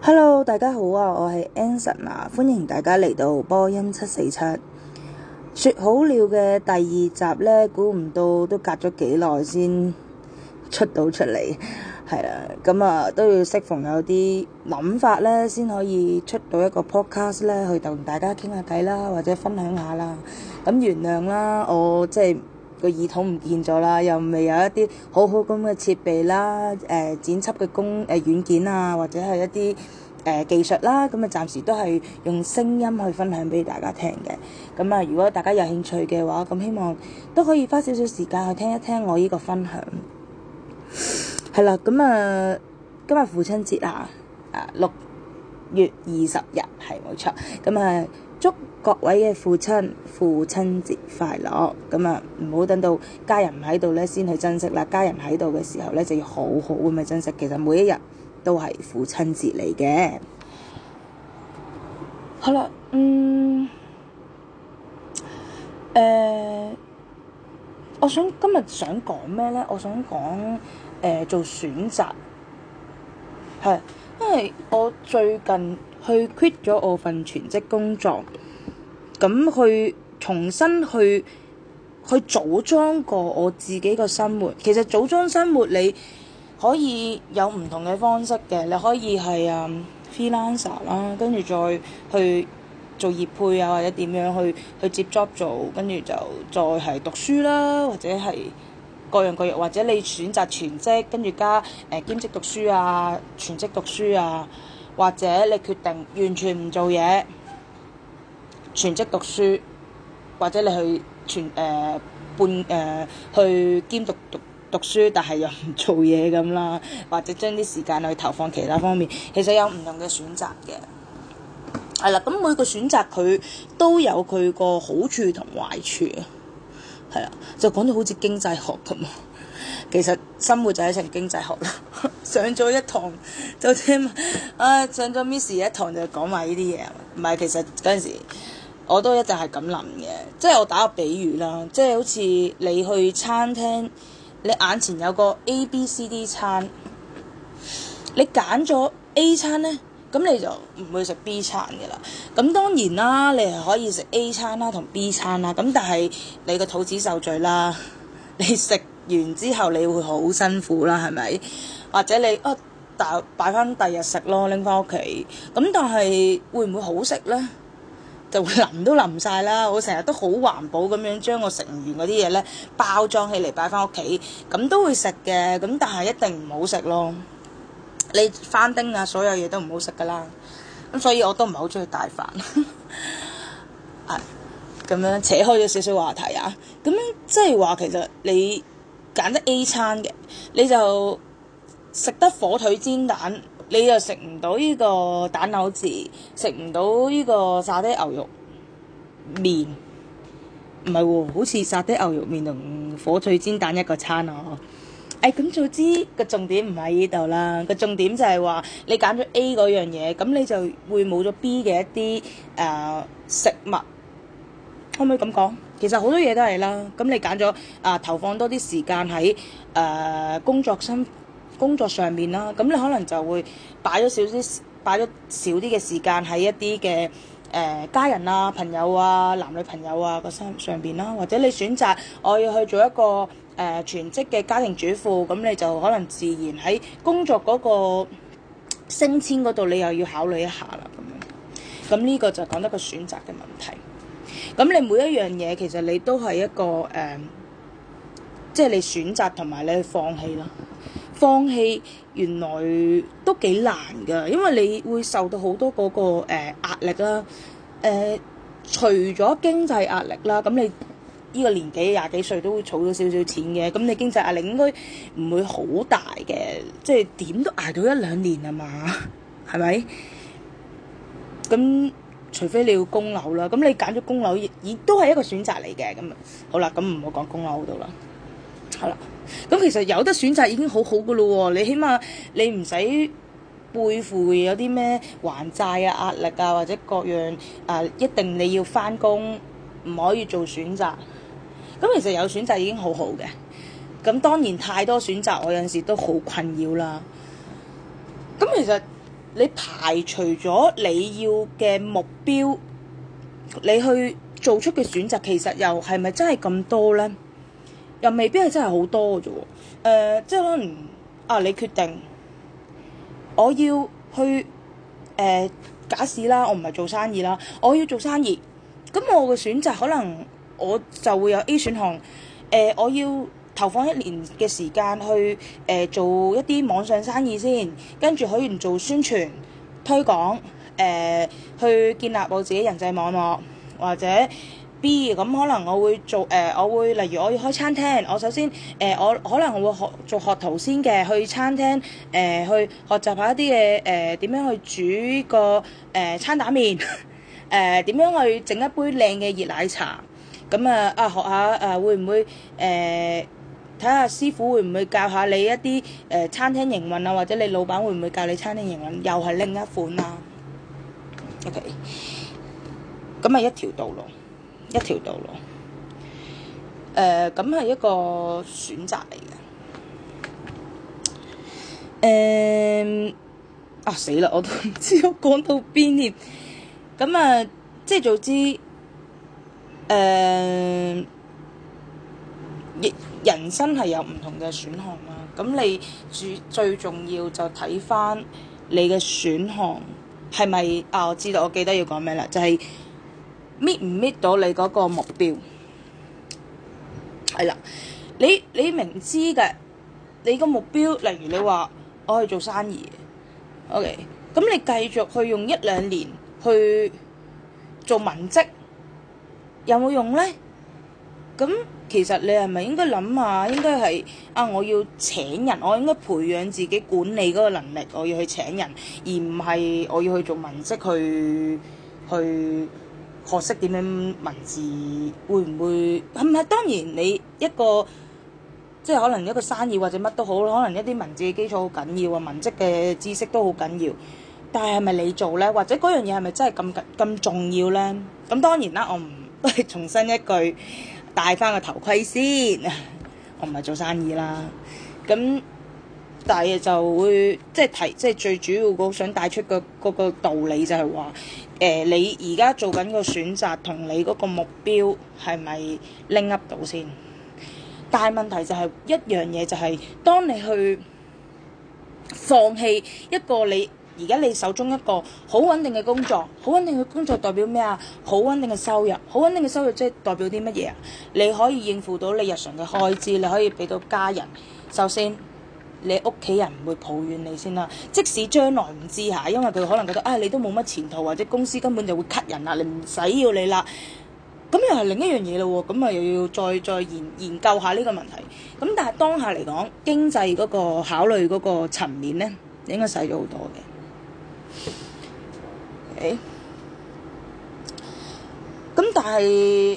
Hello，大家好啊，我係 Anson 啊，歡迎大家嚟到波音七四七，説好了嘅第二集呢，估唔到都隔咗幾耐先出到出嚟，係啦，咁啊都要適逢有啲諗法呢，先可以出到一個 podcast 呢，去同大家傾下偈啦，或者分享下啦，咁、啊、原諒啦，我即係。個耳筒唔見咗啦，又未有一啲好好咁嘅設備啦，誒、呃、剪輯嘅工誒、呃、軟件啊，或者係一啲誒、呃、技術啦，咁啊暫時都係用聲音去分享俾大家聽嘅。咁啊，如果大家有興趣嘅話，咁希望都可以花少少時間去聽一聽我呢個分享。係啦，咁啊，今日父親節啊，啊六月二十日，係冇錯。咁啊～祝各位嘅父親父親節快樂！咁啊，唔好等到家人唔喺度咧先去珍惜啦，家人喺度嘅時候咧就要好好咁去珍惜。其實每一日都係父親節嚟嘅。 好啦，嗯，誒、呃，我想今日想講咩咧？我想講誒、呃、做選擇，係。因為我最近去 quit 咗我份全職工作，咁去重新去去組裝過我自己個生活。其實組裝生活你可以有唔同嘅方式嘅，你可以係啊、um, freelancer 啦，跟住再去做業配啊，或者點樣去去接 job 做，跟住就再係讀書啦，或者係。各樣各樣，或者你選擇全職跟住加誒、呃、兼職讀書啊，全職讀書啊，或者你決定完全唔做嘢，全職讀書，或者你去全誒、呃、半誒、呃、去兼讀讀讀書，但係又唔做嘢咁啦，或者將啲時間去投放其他方面，其實有唔同嘅選擇嘅。係啦，咁每個選擇佢都有佢個好處同壞處。係啊，就講到好似經濟學咁啊，其實生活就係一場經濟學啦、 哎。上咗一堂就聽啊，上咗 Miss 一堂就講埋呢啲嘢。唔係，其實嗰陣時我都一直係咁諗嘅，即係我打個比喻啦，即係好似你去餐廳，你眼前有個 A、B、C、D 餐，你揀咗 A 餐呢。咁你就唔會食 B 餐嘅啦。咁當然啦，你係可以食 A 餐啦同 B 餐啦。咁但係你個肚子受罪啦，你食完之後你會好辛苦啦，係咪？或者你啊，第擺翻第日食咯，拎翻屋企。咁但係會唔會好食呢？就會淋都淋晒啦。我成日都好環保咁樣將我食完嗰啲嘢呢包裝起嚟擺翻屋企，咁都會食嘅。咁但係一定唔好食咯。你翻丁啊，所有嘢都唔好食噶啦，咁所以我都唔係好中意大飯，係 咁、啊、樣扯開咗少少話題啊。咁即係話，其實你揀得 A 餐嘅，你就食得火腿煎蛋，你又食唔到呢個蛋炒字，食唔到呢個沙爹牛，牛肉麵，唔係喎，好似沙爹牛肉麵同火腿煎蛋一個餐啊！誒咁早知個重點唔喺呢度啦，個重點就係話你揀咗 A 嗰樣嘢，咁你就會冇咗 B 嘅一啲誒、呃、食物，可唔可以咁講？其實好多嘢都係啦，咁你揀咗啊投放多啲時間喺誒、呃、工作身工作上面啦，咁你可能就會擺咗少啲擺咗少啲嘅時間喺一啲嘅誒家人啊朋友啊男女朋友啊個身上邊啦，或者你選擇我要去做一個。誒、呃、全職嘅家庭主婦，咁、嗯、你就可能自然喺工作嗰個升遷嗰度，你又要考慮一下啦，咁樣。咁、嗯、呢、這個就講一個選擇嘅問題。咁、嗯、你每一樣嘢，其實你都係一個誒，即、呃、係、就是、你選擇同埋你去放棄啦。放棄原來都幾難噶，因為你會受到好多嗰、那個誒壓、呃、力啦。誒、呃，除咗經濟壓力啦，咁、嗯、你。呢個年紀廿幾歲都會儲到少少錢嘅，咁你經濟壓力應該唔會好大嘅，即係點都捱到一兩年啊嘛，係咪？咁除非你要供樓啦，咁你揀咗供樓亦都係一個選擇嚟嘅，咁好啦，咁唔好講供樓度啦，好啦，咁其實有得選擇已經好好噶咯喎，你起碼你唔使背負有啲咩還債啊壓力啊或者各樣啊，一定你要返工，唔可以做選擇。咁其實有選擇已經好好嘅，咁當然太多選擇我有陣時都好困擾啦。咁其實你排除咗你要嘅目標，你去做出嘅選擇其實又係咪真係咁多呢？又未必係真係好多嘅啫喎。呃，即係可能啊，你決定我要去、呃、假使啦，我唔係做生意啦，我要做生意，咁我嘅選擇可能。我就會有 A 選項，誒、呃，我要投放一年嘅時間去誒、呃、做一啲網上生意先，跟住可以做宣傳推廣誒、呃、去建立我自己人際網絡或者 B 咁可能我會做誒、呃、我會例如我要開餐廳，我首先誒、呃、我可能我會學做學徒先嘅，去餐廳誒、呃、去學習下一啲嘢誒點樣去煮個誒、呃、餐打麵，誒 點、呃、樣去整一杯靚嘅熱奶茶。咁啊學啊學下誒會唔會誒睇下師傅會唔會教下你一啲誒、呃、餐廳營運啊，或者你老闆會唔會教你餐廳營運，又係另一款啊。OK，咁啊一條道路，一條道路。誒、呃，咁係一個選擇嚟嘅。誒、呃、啊死啦！我都唔知我講到邊添。咁、呃、啊，即係早知。誒，亦、uh，人生係有唔同嘅選項啦。咁你最最重要就睇返你嘅選項係咪？啊，我知道，我記得要講咩啦，就係搣唔搣到你嗰個目標。係啦，你你明知嘅你個目標，例如你話我去做生意，OK，咁你繼續去用一兩年去做文職。有冇用呢？咁其實你係咪應該諗下？應該係啊，我要請人，我應該培養自己管理嗰個能力，我要去請人，而唔係我要去做文職去去學識點樣文字。會唔會係唔係？當然你一個即係可能一個生意或者乜都好，可能一啲文字嘅基礎好緊要啊，文職嘅知識都好緊要。但係係咪你做呢？或者嗰樣嘢係咪真係咁緊咁重要呢？咁當然啦，我唔。都係重申一句，戴翻個頭盔先，我唔係做生意啦。咁但係就會即係提，即係最主要嗰想帶出個嗰、那個道理就係話，誒、呃、你而家做緊個選擇同你嗰個目標係咪拎 Up 到先？但係問題就係、是、一樣嘢就係、是，當你去放棄一個你。而家你手中一個好穩定嘅工作，好穩定嘅工作代表咩啊？好穩定嘅收入，好穩定嘅收入即係代表啲乜嘢啊？你可以應付到你日常嘅開支，你可以俾到家人。首先，你屋企人唔會抱怨你先啦。即使將來唔知下，因為佢可能覺得啊、哎，你都冇乜前途，或者公司根本就會 cut 人啦，你唔使要你啦。咁又係另一樣嘢咯喎，咁啊又要再再研研究下呢個問題。咁但係當下嚟講，經濟嗰個考慮嗰個層面呢，應該細咗好多嘅。誒，咁但係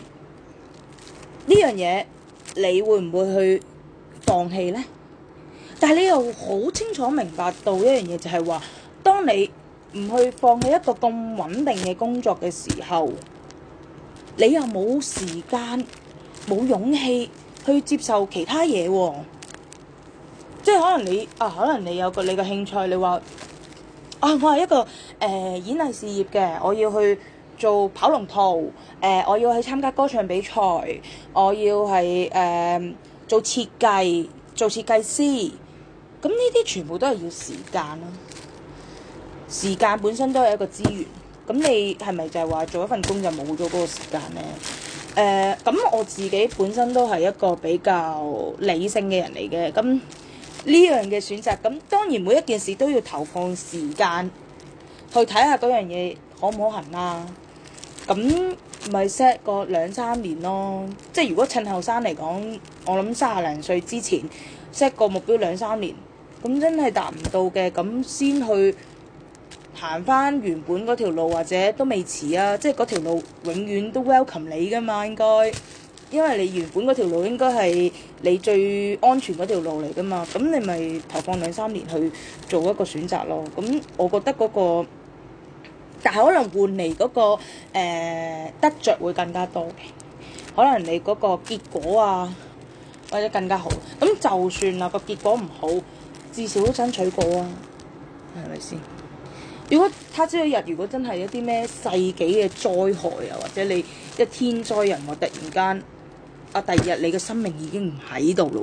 呢樣嘢你會唔會去放棄呢？但係你又好清楚明白到一樣嘢，就係話，當你唔去放棄一個咁穩定嘅工作嘅時候，你又冇時間、冇勇氣去接受其他嘢，即係可能你啊，可能你有個你嘅興趣，你話。啊！我係一個誒、呃、演藝事業嘅，我要去做跑龍套，誒、呃、我要去參加歌唱比賽，我要係誒、呃、做設計，做設計師，咁呢啲全部都係要時間咯。時間本身都係一個資源，咁、嗯、你係咪就係話做一份工就冇咗嗰個時間呢？誒、嗯，咁、嗯嗯、我自己本身都係一個比較理性嘅人嚟嘅，咁、嗯。呢樣嘅選擇，咁當然每一件事都要投放時間去睇下嗰樣嘢可唔可行啦、啊。咁咪 set 個兩三年咯，即係如果趁後生嚟講，我諗三十零歲之前 set 個目標兩三年，咁真係達唔到嘅，咁先去行翻原本嗰條路，或者都未遲啊！即係嗰條路永遠都 welcome 你㗎嘛，應該。因為你原本嗰條路應該係你最安全嗰條路嚟噶嘛，咁你咪投放兩三年去做一個選擇咯。咁我覺得嗰個，但係可能換嚟嗰個、呃、得着會更加多嘅，可能你嗰個結果啊或者更加好。咁就算啊個結果唔好，至少都爭取過啊，係咪先？如果他朝一日如果真係一啲咩世紀嘅災害啊，或者你一天災人禍突然間～啊！第二日你嘅生命已經唔喺度啦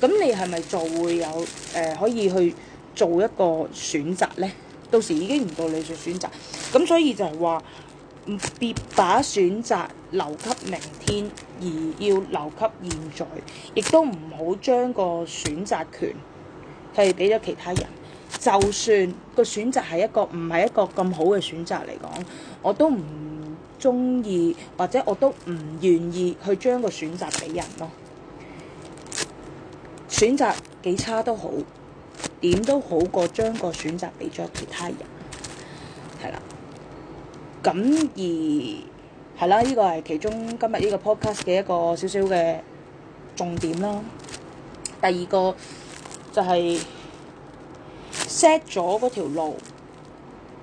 喎，咁你係咪就會有誒、呃、可以去做一個選擇呢？到時已經唔到你做選擇，咁所以就係話，唔別把選擇留給明天，而要留給現在，亦都唔好將個選擇權係俾咗其他人。就算個選擇係一個唔係一個咁好嘅選擇嚟講，我都唔中意或者我都唔願意去將個選擇俾人咯，選擇幾差都好，點都好過將個選擇俾咗其他人，係啦。咁而係啦，呢個係其中今日呢個 podcast 嘅一個少少嘅重點啦。第二個就係 set 咗嗰條路。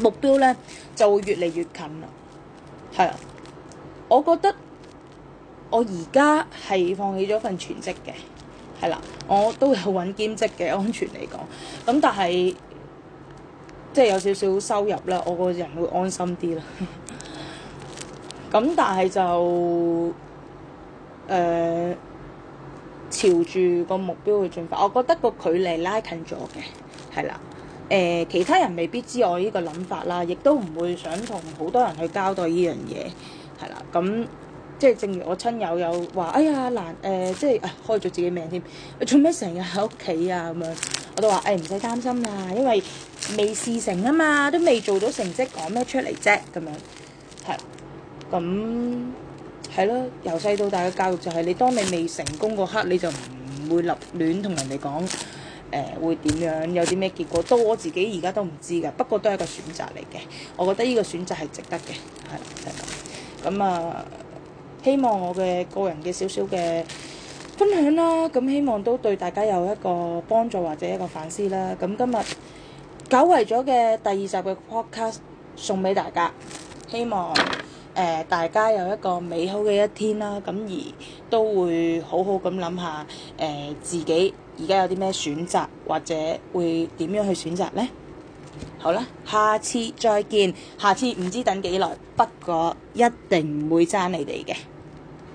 目標咧就會越嚟越近啦，係啊！我覺得我而家係放棄咗份全職嘅，係啦，我都有搵兼職嘅，安全嚟講。咁但係即係有少少收入啦，我個人會安心啲啦。咁 但係就誒、呃、朝住個目標去進發，我覺得個距離拉近咗嘅，係啦。誒其他人未必知我呢個諗法啦，亦都唔會想同好多人去交代呢樣嘢，係啦。咁即係正如我親友有話，哎呀難誒，即係開咗自己命添。做咩成日喺屋企啊？咁樣我都話誒唔使擔心啦，因為未試成啊嘛，都未做到成績，講咩出嚟啫？咁樣係咁係咯。由細到大嘅教育就係你當你未成功嗰刻，你就唔會立亂同人哋講。誒會點樣有啲咩結果？都我自己而家都唔知㗎，不過都係一個選擇嚟嘅。我覺得呢個選擇係值得嘅，係就係咁。啊、嗯嗯，希望我嘅個人嘅少少嘅分享啦，咁、嗯、希望都對大家有一個幫助或者一個反思啦。咁、嗯、今日久違咗嘅第二集嘅 podcast 送俾大家，希望誒、呃、大家有一個美好嘅一天啦。咁、嗯、而都會好好咁諗下誒自己。而家有啲咩選擇，或者會點樣去選擇呢？好啦，下次再見，下次唔知等幾耐，不過一定唔會爭你哋嘅。